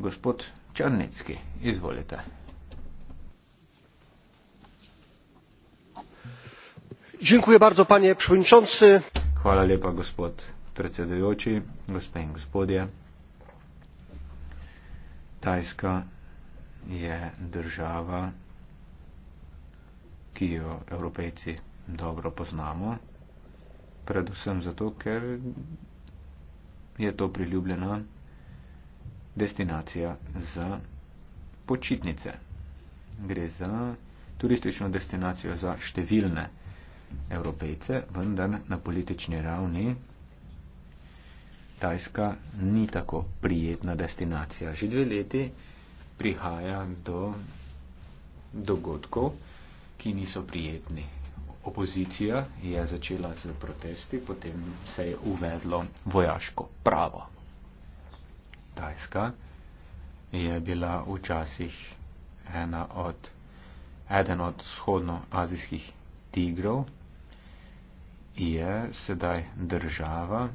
Gospod Črnecki, izvolite. Dziękuję bardzo, panie przewodniczący. Hvala lepa, gospod predsedujoči, gospe in gospodje. Tajska je država, ki jo evropejci dobro poznamo, predvsem zato, ker je to priljubljena destinacija za počitnice. Gre za turistično destinacijo za številne evropejce, vendar na politični ravni Tajska ni tako prijetna destinacija. Že dve leti prihaja do dogodkov, ki niso prijetni. Opozicija je začela z protesti, potem se je uvedlo vojaško pravo Tajska je bila včasih ena od, eden od vzhodnoazijskih tigrov, je sedaj država,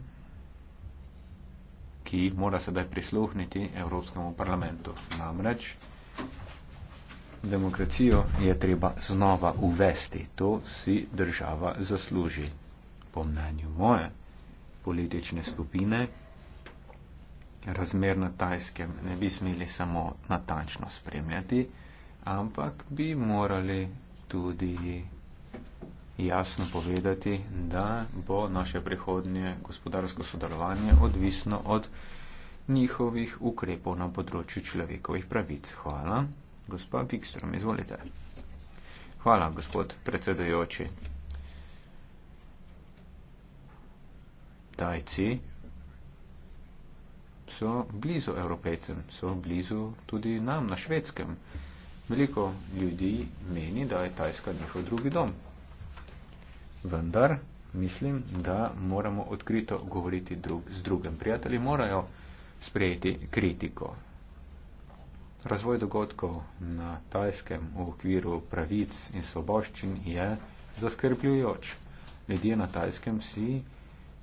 ki mora sedaj prisluhniti Evropskemu parlamentu. Namreč demokracijo je treba znova uvesti. To si država zasluži, po mnenju moje politične skupine, razmer na tajskem ne bi smeli samo natančno spremljati, ampak bi morali tudi jasno povedati, da bo naše prihodnje gospodarsko sodelovanje odvisno od njihovih ukrepov na področju človekovih pravic. Hvala. Gospa Vikstrom, izvolite. Hvala, gospod predsedujoči. Tajci so blizu evropejcem, so blizu tudi nam na švedskem. Veliko ljudi meni, da je Tajska njihov drugi dom. Vendar mislim, da moramo odkrito govoriti drug z drugim. Prijatelji morajo sprejeti kritiko. Razvoj dogodkov na Tajskem v okviru pravic in svoboščin je zaskrbljujoč. Ljudje na Tajskem si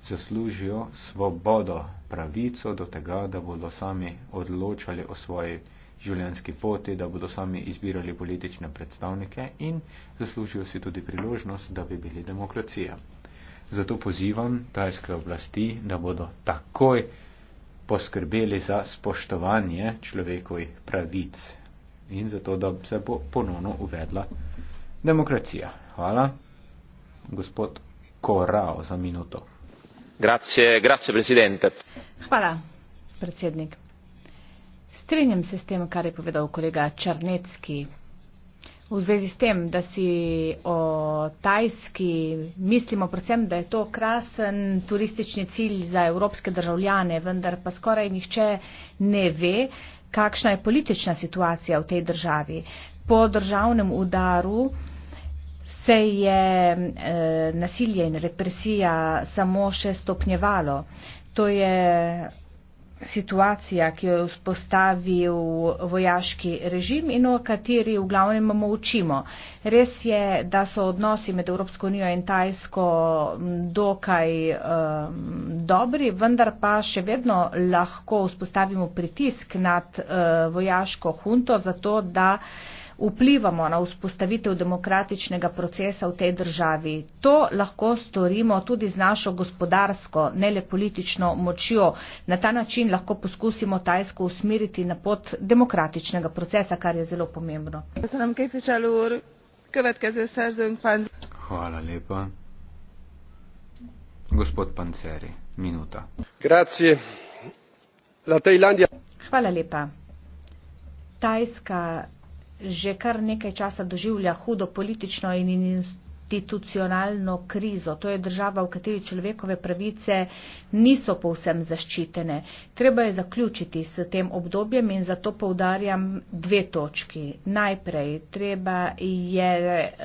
zaslužijo svobodo, pravico do tega, da bodo sami odločali o svoji življenjski poti, da bodo sami izbirali politične predstavnike in zaslužijo si tudi priložnost, da bi bili demokracija. Zato pozivam tajske oblasti, da bodo takoj poskrbeli za spoštovanje človekovih pravic in zato, da se bo ponovno uvedla demokracija. Hvala, gospod Korao, za minuto hvala predsednik strinjam se s tem kar je povedal kolega črnecki v zvezi s tem da si o tajski mislimo predvsem da je to krasen turistični cilj za evropske državljane vendar pa skoraj nihče ne ve kakšna je politična situacija v tej državi po državnem udaru se je eh, nasilje in represija samo še stopnjevalo. To je situacija, ki jo je vzpostavil vojaški režim in o kateri v glavnem močimo. Res je, da so odnosi med Evropsko unijo in Tajsko dokaj um, dobri, vendar pa še vedno lahko vzpostavimo pritisk nad uh, vojaško hunto, zato da uh, vplivamo na vzpostavitev demokratičnega procesa v tej državi. To lahko storimo tudi z našo gospodarsko, ne le politično močjo. Na ta način lahko poskusimo Tajsko usmeriti na pot demokratičnega procesa, kar je zelo pomembno. Hvala lepa. Gospod Panceri, minuta. Grazie. La Thailandia. Hvala lepa. Tajska že kar nekaj časa doživlja hudo politično in institucionalno krizo. To je država, v kateri človekove pravice niso povsem zaščitene. Treba je zaključiti s tem obdobjem in zato povdarjam dve točki. Najprej treba je eh,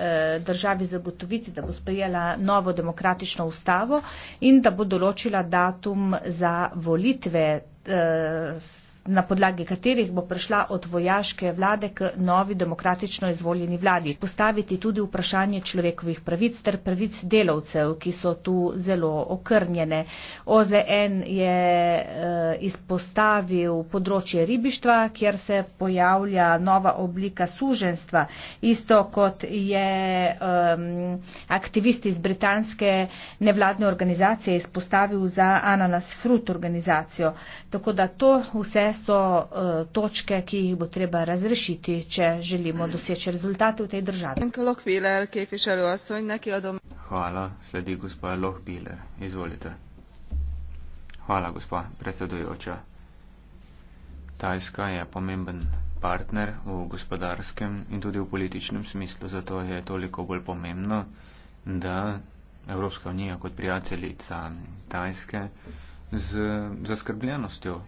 državi zagotoviti, da bo sprejela novo demokratično ustavo in da bo določila datum za volitve. Eh, na podlagi katerih bo prišla od vojaške vlade k novi demokratično izvoljeni vladi. Postaviti tudi vprašanje človekovih pravic ter pravic delavcev, ki so tu zelo okrnjene. OZN je eh, izpostavil področje ribištva, kjer se pojavlja nova oblika suženstva, isto kot je um, aktivist iz britanske nevladne organizacije izpostavil za Ananas Fruit organizacijo. Tako da to vse so uh, točke, ki jih bo treba razrešiti, če želimo doseči rezultate v tej državi. Hvala, sledi gospod Lohbiler. Izvolite. Hvala, gospod predsedujoča. Tajska je pomemben partner v gospodarskem in tudi v političnem smislu, zato je toliko bolj pomembno, da Evropska unija kot prijateljica Tajske z zaskrbljenostjo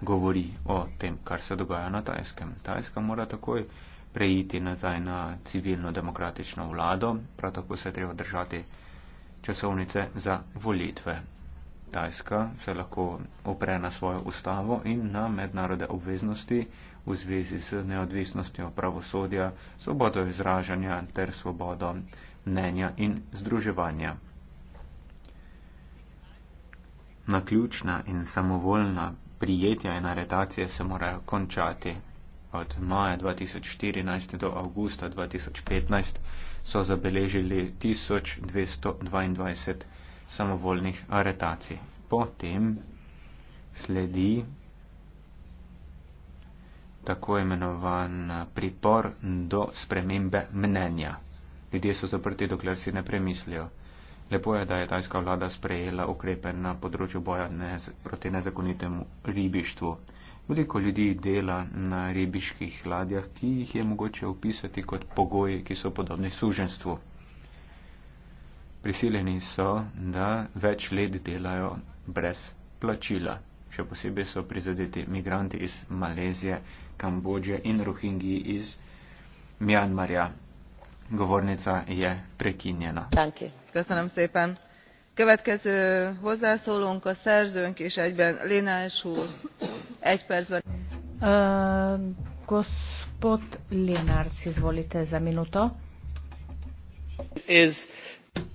govori o tem, kar se dogaja na Tajskem. Tajska mora takoj preiti nazaj na civilno demokratično vlado, prav tako se je treba držati časovnice za volitve. Tajska se lahko opre na svojo ustavo in na mednarodne obveznosti v zvezi z neodvisnostjo pravosodja, svobodo izražanja ter svobodo mnenja in združevanja. Naključna in samovoljna prijetja in aretacije se morajo končati. Od maja 2014 do avgusta 2015 so zabeležili 1222 samovoljnih aretacij. Potem sledi tako imenovan pripor do spremembe mnenja. Ljudje so zaprti, dokler si ne premislijo. Lepo je, da je tajska vlada sprejela ukrepe na področju boja nez, proti nezakonitemu ribištvu. Veliko ljudi dela na ribiških ladjah, ki jih je mogoče opisati kot pogoji, ki so podobni suženstvu. Prisiljeni so, da več let delajo brez plačila. Še posebej so prizadeti migranti iz Malezije, Kambodže in Rohingi iz Mjanmarja. Govornica je prekinjena. Danke következő hozzászólónk a szerzőnk és egyben lins úr egy percben. gospod lenaerts izvolite za minuto.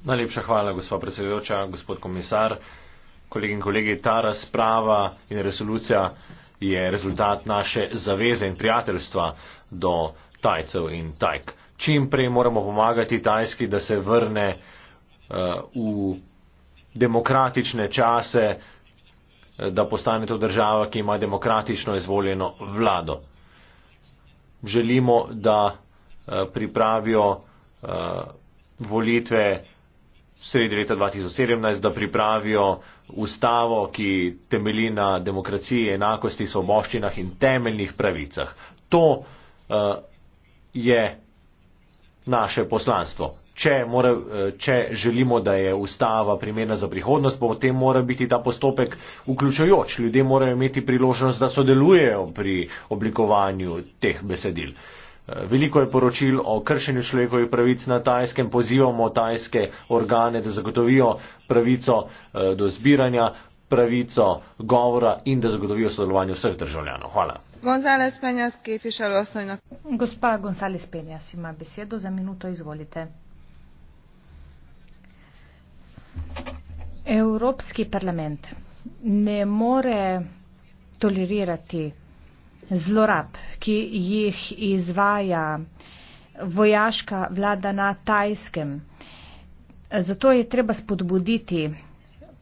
najlepša hvala gospa predsedujoča gospod komisar kolegi in kolegi ta razprava in resolucija je rezultat naše zaveze in prijateljstva do tajcev in tajk. čim prej moramo pomagati tajski da se vrne Eh, v demokratične čase, eh, da postane to država, ki ima demokratično izvoljeno vlado. Želimo, da eh, pripravijo volitve sredi leta 2017, da pripravijo ustavo, ki temelji na demokraciji, enakosti, svoboščinah in temeljnih pravicah. To uh, je naše poslanstvo. Če, mora, eh, če želimo, da je ustava primerna za prihodnost, potem mora biti ta postopek vključujoč. Ljudje morajo imeti priložnost, da sodelujejo pri oblikovanju teh besedil. Eh, veliko je poročil o kršenju človekovih pravic na tajskem, pozivamo tajske organe, da zagotovijo pravico eh, do zbiranja, pravico govora in da zagotovijo sodelovanje vseh državljanov. Hvala gonzález penjas képviselő asszonynak. Gospa gonzález penjas ima besedo za minuto, izvolite. Evropski parlament ne more tolerirati zlorab, ki jih izvaja vojaška vlada na tajskem. Zato je treba spodbuditi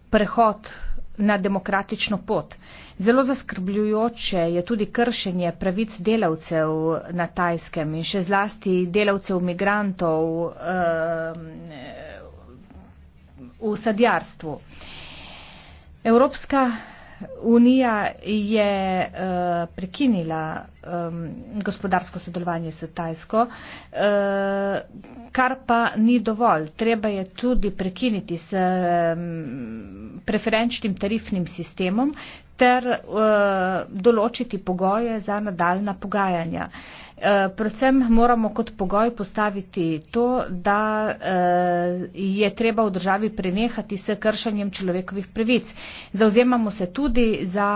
prehod na demokratično pot. Zelo zaskrbljujoče je tudi kršenje pravic delavcev na tajskem in še zlasti delavcev migrantov uh, v sadjarstvu. Evropska Unija je uh, prekinila um, gospodarsko sodelovanje s Tajsko, uh, kar pa ni dovolj. Treba je tudi prekiniti s um, preferenčnim tarifnim sistemom ter uh, določiti pogoje za nadaljna pogajanja. Uh, Eh, predvsem moramo kot pogoj postaviti to, da eh, je treba v državi prenehati s kršanjem človekovih pravic. Zauzemamo se tudi za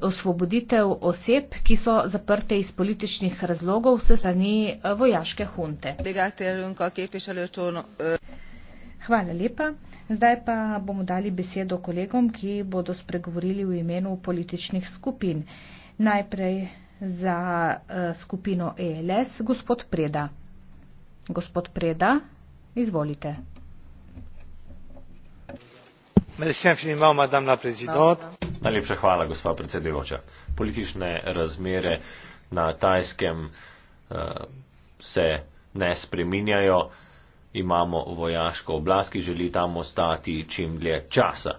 osvoboditev oseb, ki so zaprte iz političnih razlogov s strani eh, vojaške hunte. Hvala lepa. Zdaj pa bomo dali besedo kolegom, ki bodo spregovorili v imenu političnih skupin. Najprej za uh, skupino ELS, gospod Preda. Gospod Preda, izvolite. Najlepša hvala, gospa predsedujoča. Politične razmere na tajskem uh, se ne spreminjajo. Imamo vojaško oblast, ki želi tam ostati čim dlje časa.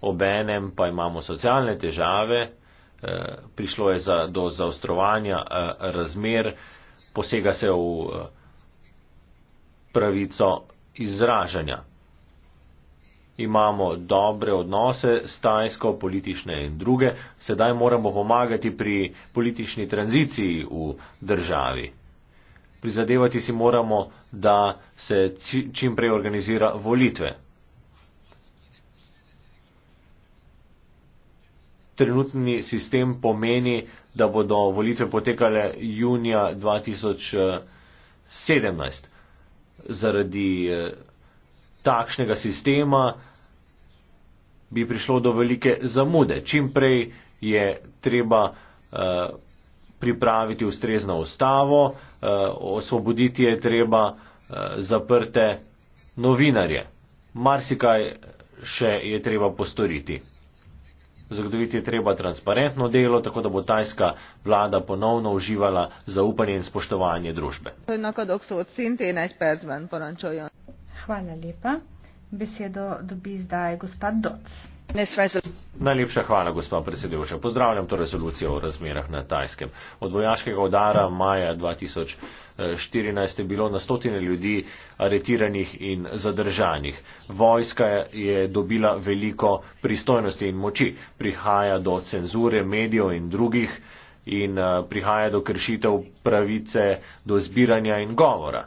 Obenem pa imamo socialne težave, Eh, prišlo je za, do zaostrovanja eh, razmer, posega se v eh, pravico izražanja. Imamo dobre odnose s Tajsko, politične in druge, sedaj moramo pomagati pri politični tranziciji v državi. Prizadevati si moramo, da se čim prej organizira volitve. trenutni sistem pomeni, da bodo volitve potekale junija 2017. Eh, Zaradi eh, takšnega sistema bi prišlo do velike zamude. Čim prej je treba eh, pripraviti ustrezno ustavo, osvoboditi je treba zaprte novinarje. Marsikaj še je treba postoriti. Zagotoviti je treba transparentno delo, tako da bo tajska vlada ponovno uživala zaupanje in spoštovanje družbe. Hvala lepa. Besedo dobi zdaj gospod Doc. Najlepša hvala, gospod predsedujoča. Pozdravljam to rezolucijo o razmerah na Tajskem. Od vojaškega udara maja 2014 eh, je bilo na stotine ljudi aretiranih in zadržanih. Vojska je dobila veliko pristojnosti in moči. Prihaja do cenzure medijev in drugih in eh, prihaja do kršitev pravice do zbiranja in govora.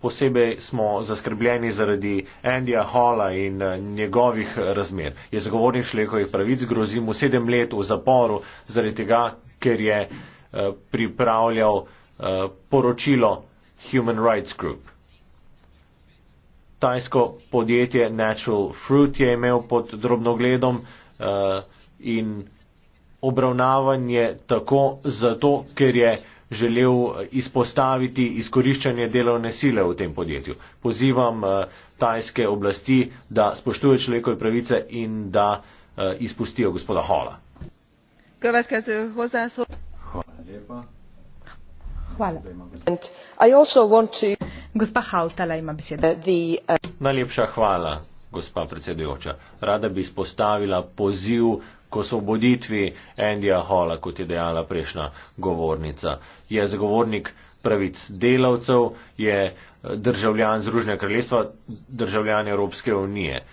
Posebej smo zaskrbljeni zaradi Andija Hola in eh, njegovih eh, razmer. Je zagovornik človekovih pravic, grozi mu sedem let v zaporu zaradi tega, ker je eh, pripravljal poročilo Human Rights Group. Tajsko podjetje Natural Fruit je imel pod drobnogledom in obravnavanje tako zato, ker je želel izpostaviti izkoriščanje delovne sile v tem podjetju. Pozivam eh, tajske oblasti, da spoštuje človekove pravice in da eh, izpustijo gospoda Hola. Gospa Hautala ima besedo. Uh, uh, Najlepša hvala, gospa predsedujoča. Rada bi izpostavila poziv ko so v boditvi Andija Hola, kot je dejala prejšnja govornica. Je zagovornik pravic delavcev, je eh, državljan Združenja kraljestva, državljan Evropske unije.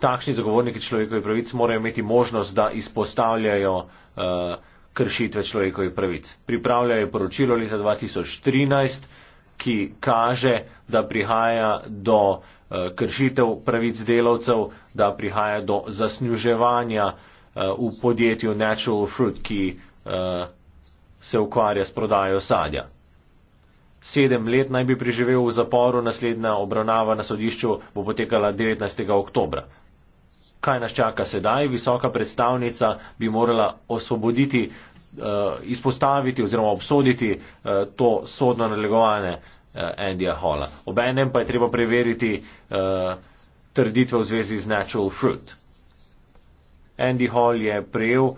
Takšni zagovorniki človekovih pravic morajo imeti možnost, da izpostavljajo uh, kršitve človekovih pravic. Pripravljajo poročilo leta 2013, ki kaže, da prihaja do Eh, kršitev pravic delavcev, da prihaja do zasnuževanja eh, v podjetju Natural Fruit, ki eh, se ukvarja s prodajo sadja. Sedem let naj bi priživel v zaporu, naslednja obravnava na sodišču bo potekala 19. oktober. Kaj nas čaka sedaj? Visoka predstavnica bi morala osvoboditi, izpostaviti oziroma obsoditi to sodno nalegovanje Eh, Andyja Hola. Obenem pa je treba preveriti uh, trditve v zvezi z natural fruit. Andy Hall je prejel uh,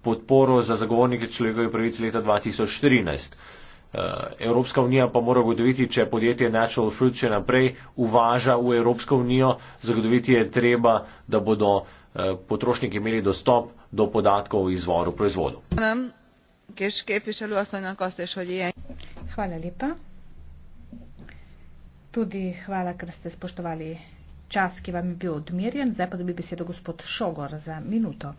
podporo za zagovornike človekovih pravic leta 2013. Evropska unija pa mora ugotoviti, če podjetje Natural Fruit še naprej uvaža v Evropsko unijo, zagotoviti je treba, da bodo potrošniki imeli dostop do podatkov o izvoru proizvodov. Hvala lepa tudi hvala, ker ste spoštovali čas, ki vam je bil odmerjen. Zdaj pa dobi besedo gospod Šogor za minuto.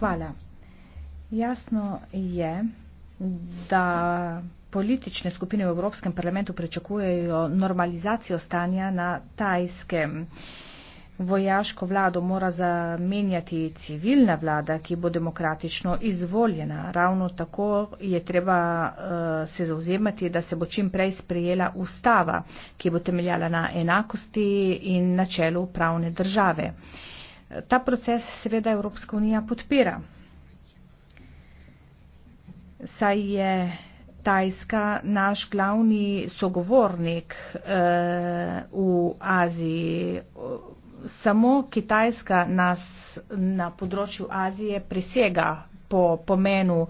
Hvala. Jasno je, da politične skupine v Evropskem parlamentu prečakujejo normalizacijo stanja na tajskem. Vojaško vlado mora zamenjati civilna vlada, ki bo demokratično izvoljena. Ravno tako je treba uh, se zauzemati, da se bo čim prej sprejela ustava, ki bo temeljala na enakosti in načelu pravne države. Ta proces seveda Evropska unija podpira. Saj je Tajska naš glavni sogovornik uh, v Aziji. Uh, samo Kitajska nas na področju Azije presega po pomenu,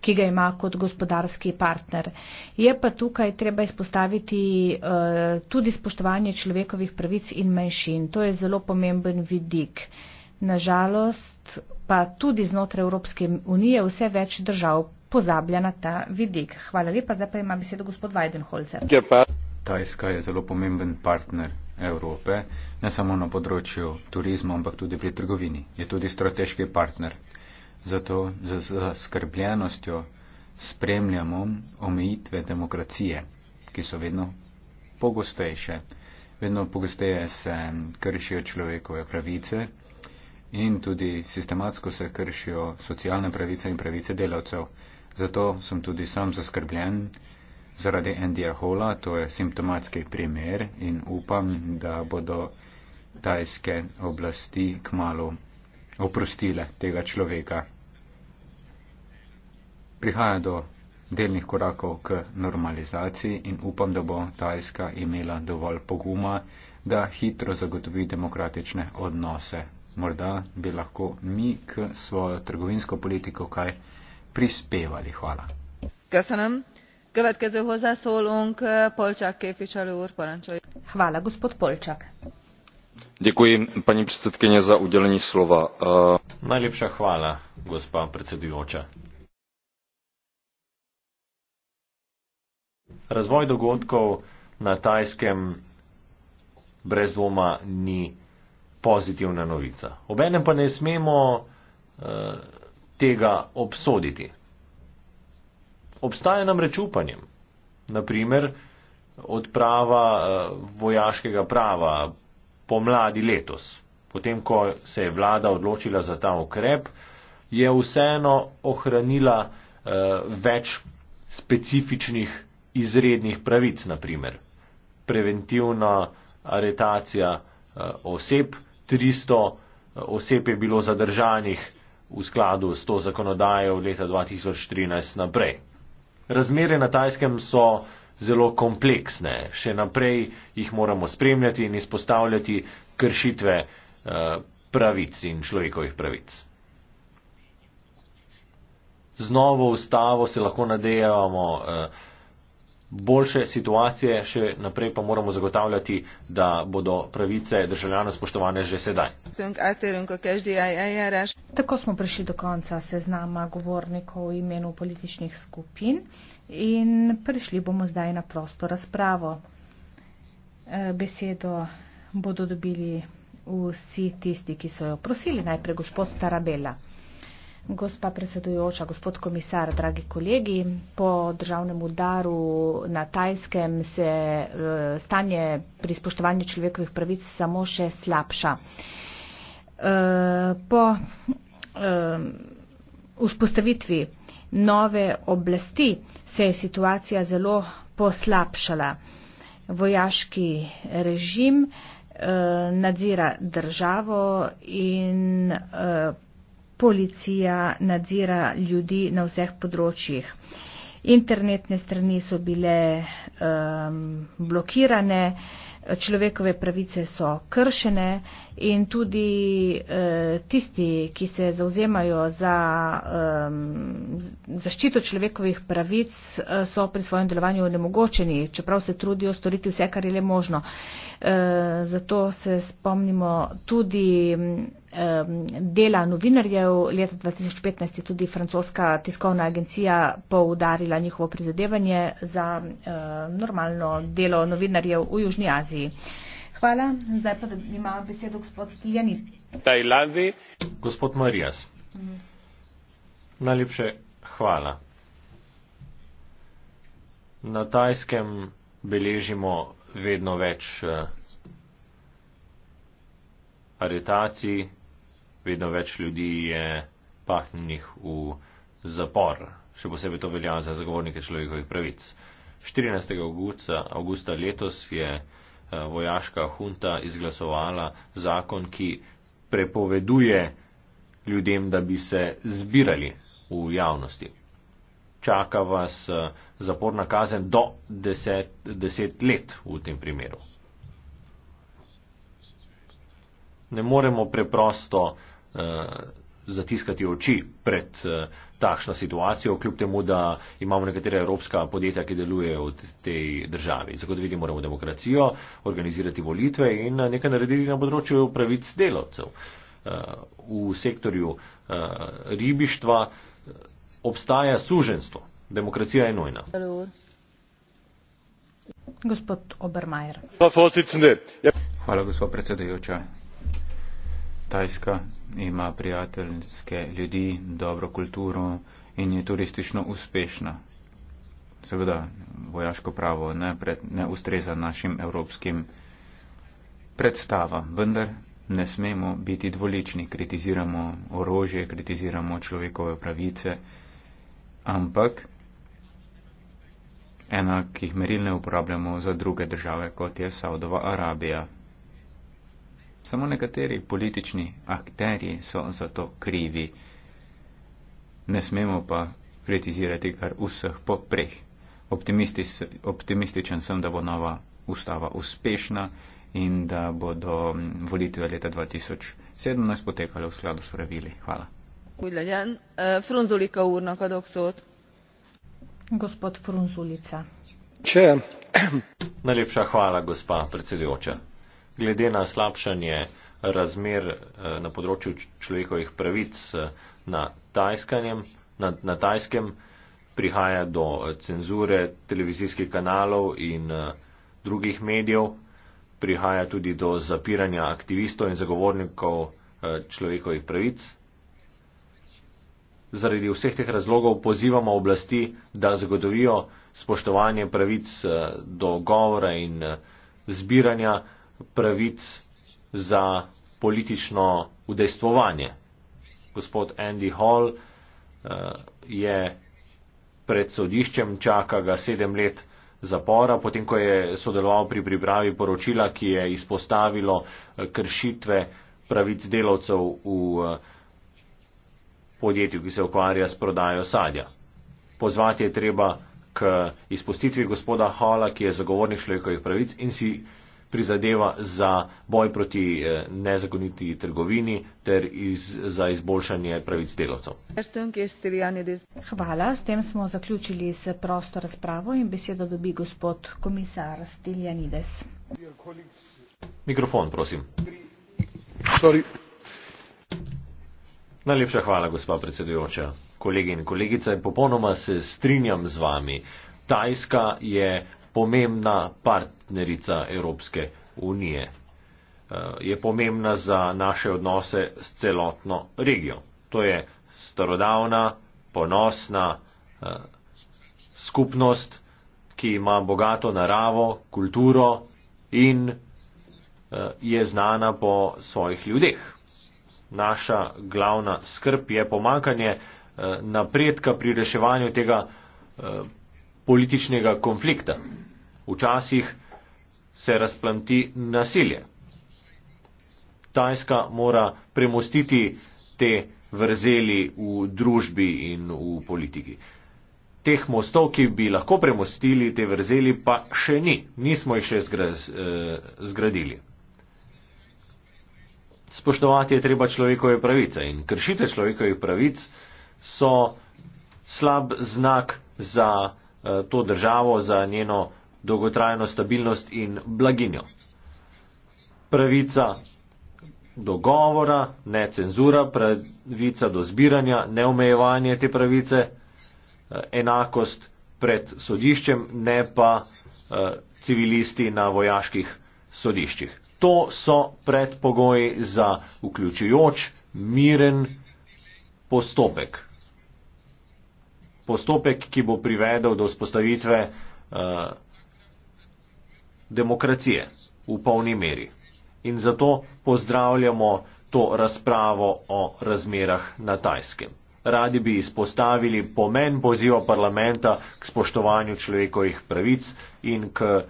ki ga ima kot gospodarski partner. Je pa tukaj treba izpostaviti uh, tudi spoštovanje človekovih pravic in manjšin. To je zelo pomemben vidik. Nažalost, pa tudi znotraj Evropske unije vse več držav pozablja na ta vidik. Hvala lepa, zdaj pa ima besedo gospod Weidenholzer. Tajska je zelo pomemben partner Evrope, ne samo na področju turizma, ampak tudi pri trgovini. Je tudi strateški partner. Zato z skrbljenostjo spremljamo omejitve demokracije, ki so vedno pogostejše. Vedno pogosteje se kršijo človekove pravice in tudi sistematsko se kršijo socialne pravice in pravice delavcev. Zato sem tudi sam zaskrbljen, zaradi Endija Hola, to je simptomatski primer in upam, da bodo tajske oblasti kmalo oprostile tega človeka. Prihaja do delnih korakov k normalizaciji in upam, da bo tajska imela dovolj poguma, da hitro zagotovi demokratične odnose. Morda bi lahko mi k svojo trgovinsko politiko kaj prispevali. Hvala. Kasanam. Eh, Děkuji, paní předsedkyně, za udělení slova. Eh, Najlepša hvala, gospa predsedujoča. Razvoj dogodkov na tajskem brez dvoma ni pozitivna novica. Obenem pa ne smemo uh, tega obsoditi obstaja namreč upanje. Naprimer, odprava eh, vojaškega prava pomladi letos, potem ko se je vlada odločila za ta ukrep, je vseeno ohranila eh, več specifičnih izrednih pravic, naprimer preventivna aretacija eh, oseb, 300 oseb je bilo zadržanih v skladu s to zakonodajo leta 2013 naprej. Razmere na tajskem so zelo kompleksne, še naprej jih moramo spremljati in izpostavljati kršitve eh, pravic in človekovih pravic. Z novo ustavo se lahko nadejavamo eh, boljše situacije, še naprej pa moramo zagotavljati, da bodo pravice državljanov spoštovane že sedaj. Tako smo prišli do konca seznama govornikov v imenu političnih skupin in prišli bomo zdaj na prosto razpravo. E, besedo bodo dobili vsi tisti, ki so jo prosili, najprej gospod Tarabela. Gospa predsedujoča, gospod komisar, dragi kolegi, po državnem udaru na Tajskem se eh, stanje pri spoštovanju človekovih pravic samo še slabša. Eh, po eh, vzpostavitvi nove oblasti se je situacija zelo poslabšala. Vojaški režim nadzira državo in policija nadzira ljudi na vseh področjih. Internetne strani so bile um, blokirane, človekove pravice so kršene in tudi uh, tisti, ki se zauzemajo za um, zaščito človekovih pravic, uh, so pri svojem delovanju onemogočeni, čeprav se trudijo storiti vse, kar je le možno. Uh, zato se spomnimo tudi. Um, dela novinarjev. Leta 2015 je tudi francoska tiskovna agencija poudarila njihovo prizadevanje za normalno delo novinarjev v Južni Aziji. Hvala. Zdaj pa ima besedo gospod Jani. Tajlandi. Gospod Marijas. Mhm. Najlepše hvala. Na tajskem beležimo vedno več eh, aretacij, vedno več ljudi je pahnjenih v zapor. Še posebej to velja za zagovornike človekovih pravic. 14. Augusta, augusta letos je eh, vojaška hunta izglasovala zakon, ki prepoveduje ljudem, da bi se zbirali v javnosti. Čaka vas eh, zaporna kazen do 10, 10 let v tem primeru. Ne moremo preprosto Eh, zatiskati oči pred eh, takšno situacijo, kljub temu, da imamo nekatere evropska podjetja, ki delujejo v tej državi. Zagotoviti moramo demokracijo, organizirati volitve in eh, nekaj narediti na področju pravic delovcev. V sektorju ribištva obstaja suženstvo. Demokracija je nujna. Gospod Obermajer. Ja. Hvala, gospod predsedujoča. Tajska ima prijateljske ljudi, dobro kulturo in je turistično uspešna. Seveda, vojaško pravo ne, pred, ne ustreza našim evropskim predstavam, vendar ne smemo biti dvolični, kritiziramo orožje, kritiziramo človekove pravice, ampak enakih meril ne uporabljamo za druge države, kot je Saudova Arabija. Samo nekateri politični akteri so za to krivi. Ne smemo pa kritizirati kar vseh popreh. Optimističen sem, da bo nova ustava uspešna in da bodo volitve leta 2017 potekale v skladu s pravili. Hvala. Najlepša hvala, gospa predsedujoča glede na slabšanje razmer eh, na področju človekovih pravic eh, na, na, na tajskem, prihaja do eh, cenzure televizijskih kanalov in drugih medijev, prihaja tudi do zapiranja aktivistov in zagovornikov človekovih pravic. Zaradi vseh teh razlogov pozivamo oblasti, da zagotovijo spoštovanje pravic do govora in zbiranja pravic za politično udejstvovanje. Gospod Andy Hall uh, je pred sodiščem, čaka ga sedem let zapora, potem ko je sodeloval pri pripravi poročila, ki je izpostavilo eh, kršitve pravic delavcev v eh, podjetju, ki se ukvarja s prodajo sadja. Pozvati je treba k izpustitvi gospoda Hala, ki je zagovornik človekovih pravic in si prizadeva za boj proti eh, nezakoniti trgovini ter iz, za izboljšanje pravic delovcev. Hvala, s tem smo zaključili s prosto razpravo in besedo dobi gospod komisar Stiljanides. Mikrofon, prosim. Sorry. Najlepša hvala, gospa predsedujoča. Kolegi in kolegice, popolnoma se strinjam z vami. Tajska je pomembna partnerica Evropske unije. Eh, je pomembna za naše odnose s celotno regijo. To je starodavna, ponosna eh, skupnost, ki ima bogato naravo, kulturo in eh, je znana po svojih ljudeh. Naša glavna skrb je pomankanje napredka pri reševanju tega političnega konflikta. Včasih se razplanti nasilje. Tajska mora premostiti te vrzeli v družbi in v politiki. Teh mostov, ki bi lahko premostili te vrzeli, pa še ni. Nismo jih še eh, zgradili. Spoštovati je treba človekove pravice in kršite človekovih pravic so slab znak za Eh, to državo, za njeno dolgotrajno stabilnost in blaginjo. Pravica dogovora, ne cenzura, pravica do zbiranja, ne omejevanje te pravice, eh, enakost pred sodiščem, ne pa eh, civilisti na vojaških sodiščih. To so predpogoji za vključujoč, miren postopek postopek, ki bo privedel do spostavitve eh, demokracije v polni meri. In zato pozdravljamo to razpravo o razmerah na tajskem. Radi bi izpostavili pomen poziva parlamenta k spoštovanju človekovih pravic in k eh,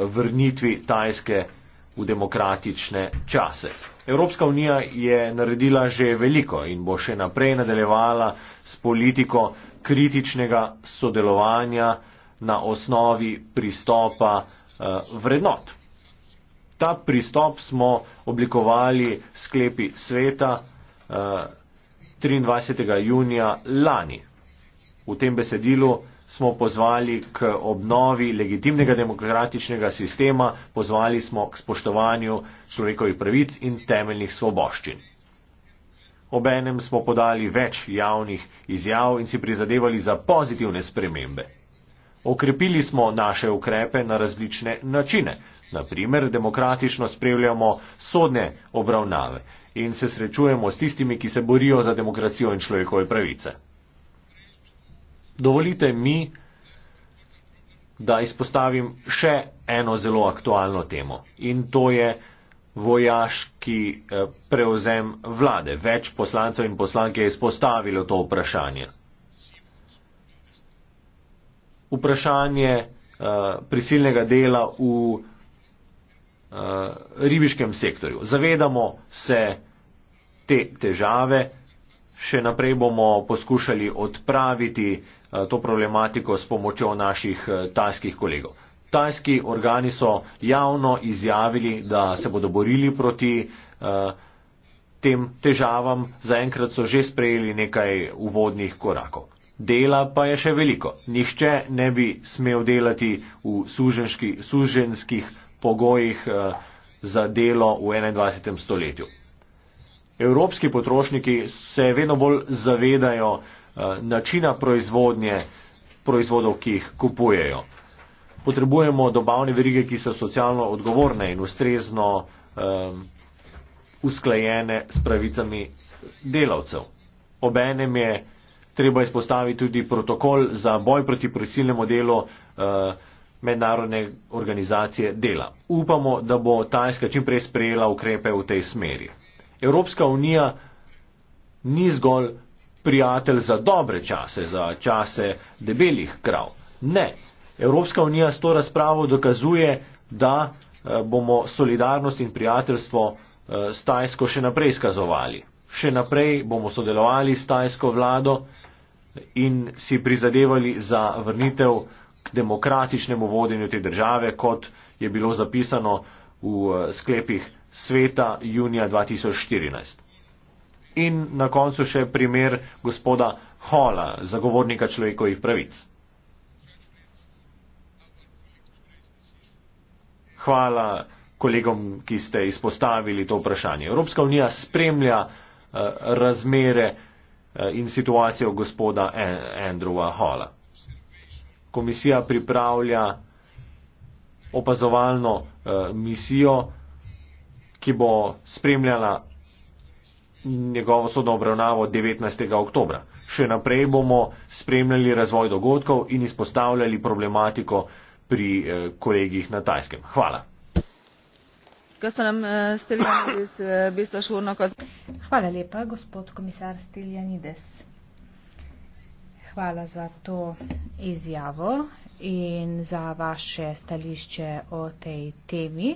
vrnitvi tajske demokracije v demokratične čase. Evropska unija je naredila že veliko in bo še naprej nadaljevala s politiko kritičnega sodelovanja na osnovi pristopa eh, vrednot. Ta pristop smo oblikovali sklepi sveta 23. Eh, junija lani v tem besedilu smo pozvali k obnovi legitimnega demokratičnega sistema, pozvali smo k spoštovanju človekovih pravic in temeljnih svoboščin. Obenem smo podali več javnih izjav in si prizadevali za pozitivne spremembe. Okrepili smo naše ukrepe na različne načine. Naprimer, demokratično spremljamo sodne obravnave in se srečujemo s tistimi, ki se borijo za demokracijo in človekove pravice dovolite mi, da izpostavim še eno zelo aktualno temo in to je vojaški eh, prevzem vlade. Več poslancev in poslanke je izpostavilo to vprašanje. Vprašanje uh, prisilnega dela v uh, ribiškem sektorju. Zavedamo se te težave, še naprej bomo poskušali odpraviti eh, to problematiko s pomočjo naših eh, tajskih kolegov. Tajski organi so javno izjavili, da se bodo borili proti eh, tem težavam. Zaenkrat so že sprejeli nekaj uvodnih korakov. Dela pa je še veliko. Nihče ne bi smel delati v suženski, suženskih pogojih za delo v 21. stoletju evropski potrošniki se vedno bolj zavedajo eh, načina proizvodnje proizvodov, ki jih kupujejo. Potrebujemo dobavne verige, ki so socialno odgovorne in ustrezno um, usklajene s pravicami delavcev. Obenem je treba izpostaviti tudi protokol za boj proti prisilnemu delu uh, mednarodne organizacije dela. Upamo, da bo Tajska čimprej sprejela ukrepe v tej smeri. Evropska unija ni zgolj prijatelj za dobre čase, za čase debelih krav. Ne. Evropska unija s to razpravo dokazuje, da eh, bomo solidarnost in prijateljstvo eh, s Tajsko še naprej skazovali. Še naprej bomo sodelovali s Tajsko vlado in si prizadevali za vrnitev k demokratičnemu vodenju te države, kot je bilo zapisano v eh, sklepih sveta junija 2014. In na koncu še primer gospoda Hola, zagovornika človekovih pravic. Hvala kolegom, ki ste izpostavili to vprašanje. Evropska unija spremlja uh, razmere uh, in situacijo gospoda e-, Andrewa Hola. Komisija pripravlja opazovalno uh, misijo, uh, ki bo spremljala njegovo sodobravnavo 19. oktobra. Še naprej bomo spremljali razvoj dogodkov in izpostavljali problematiko pri eh, kolegih na Tajskem. Hvala. Eh, eh, Hvala lepa, gospod komisar Stiljanides hvala za to izjavo in za vaše stališče o tej temi.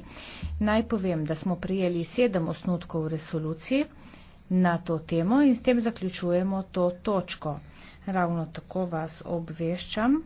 Naj povem, da smo prijeli sedem osnutkov resolucije na to temo in s tem zaključujemo to točko. Ravno tako vas obveščam,